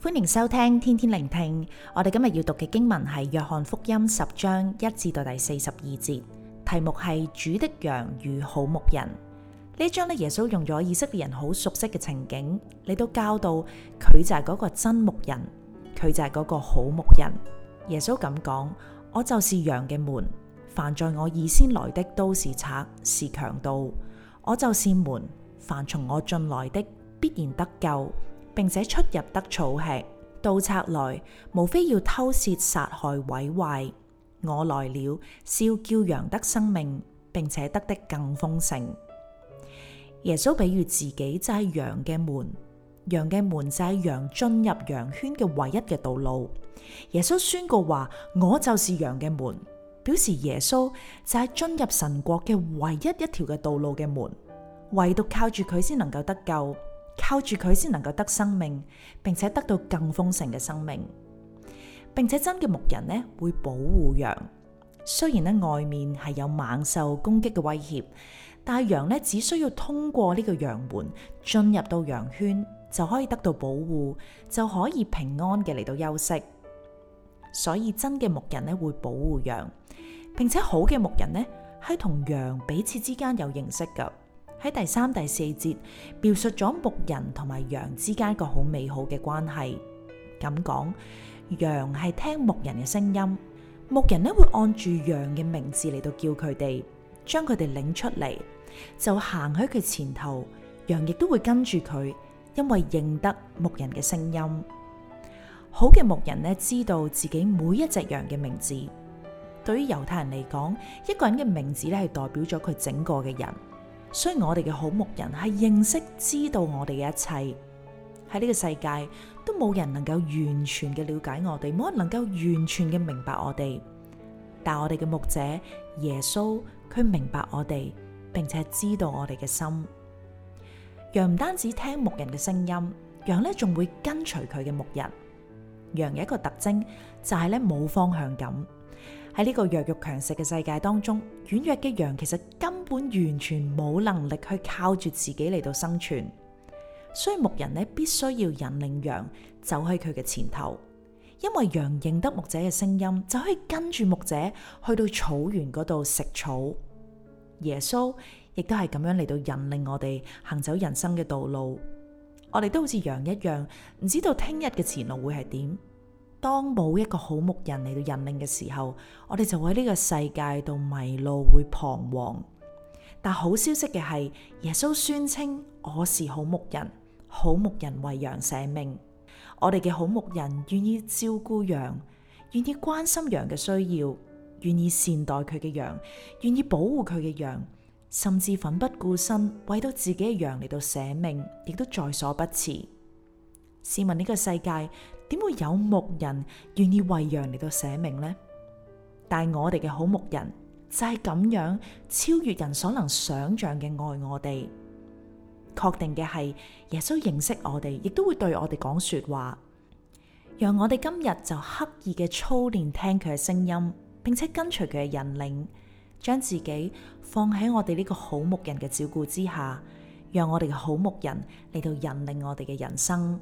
歡迎收聽天天聆聽。我哋今日要讀嘅經文係《約翰福音》十章一至到第四十二節，題目係主的羊與好牧人。呢章咧，耶穌用咗以色列人好熟悉嘅情景，你都教到佢就係嗰個真牧人，佢就係嗰個好牧人。耶穌咁講：我就是羊嘅門，凡在我以先來的都是賊是強盜；我就是門，凡從我進來的必然得救。並且出入得草吃，盜賊來，無非要偷竊、殺害、毀壞。我來了，是要叫羊得生命，並且得的更豐盛。耶穌比喻自己就係羊嘅門，羊嘅門就係羊進入羊圈嘅唯一嘅道路。耶穌宣告話：我就是羊嘅門，表示耶穌就係進入神國嘅唯一一條嘅道路嘅門，唯獨靠住佢先能夠得救。靠住佢先能夠得生命，並且得到更豐盛嘅生命，並且真嘅牧人咧會保護羊，雖然咧外面係有猛獸攻擊嘅威脅，但係羊咧只需要通過呢個羊門進入到羊圈，就可以得到保護，就可以平安嘅嚟到休息。所以真嘅牧人咧會保護羊，並且好嘅牧人咧係同羊彼此之間有認識噶。喺第三、第四節描述咗牧人同埋羊之間一個好美好嘅關係。咁講，羊係聽牧人嘅聲音，牧人咧會按住羊嘅名字嚟到叫佢哋，將佢哋領出嚟，就行喺佢前頭。羊亦都會跟住佢，因為認得牧人嘅聲音。好嘅牧人咧，知道自己每一隻羊嘅名字。對於猶太人嚟講，一個人嘅名字咧係代表咗佢整個嘅人。所以我哋嘅好牧人係認識知道我哋嘅一切。喺呢個世界都冇人能夠完全嘅了解我哋，冇人能夠完全嘅明白我哋。但我哋嘅牧者耶穌佢明白我哋，並且知道我哋嘅心。羊唔單止聽牧人嘅聲音，羊呢，仲會跟隨佢嘅牧人。羊有一個特徵就係呢，冇方向感。喺呢個弱肉強食嘅世界當中，軟弱嘅羊其實根本完全冇能力去靠住自己嚟到生存，所以牧人咧必須要引領羊走喺佢嘅前頭，因為羊認得牧者嘅聲音，就可以跟住牧者去到草原嗰度食草。耶穌亦都係咁樣嚟到引領我哋行走人生嘅道路，我哋都好似羊一樣，唔知道聽日嘅前路會係點。當冇一個好牧人嚟到引領嘅時候，我哋就會喺呢個世界度迷路，會彷徨。但好消息嘅係，耶穌宣稱我是好牧人，好牧人為羊捨命。我哋嘅好牧人願意照顧羊，願意關心羊嘅需要，願意善待佢嘅羊，願意保護佢嘅羊，甚至奮不顧身為到自己嘅羊嚟到捨命，亦都在所不辭。試問呢個世界點會有牧人願意為羊嚟到捨命呢？但係我哋嘅好牧人就係咁樣超越人所能想象嘅愛我哋。確定嘅係耶穌認識我哋，亦都會對我哋講說話，讓我哋今日就刻意嘅操練聽佢嘅聲音，並且跟隨佢嘅引領，將自己放喺我哋呢個好牧人嘅照顧之下，讓我哋嘅好牧人嚟到引領我哋嘅人生。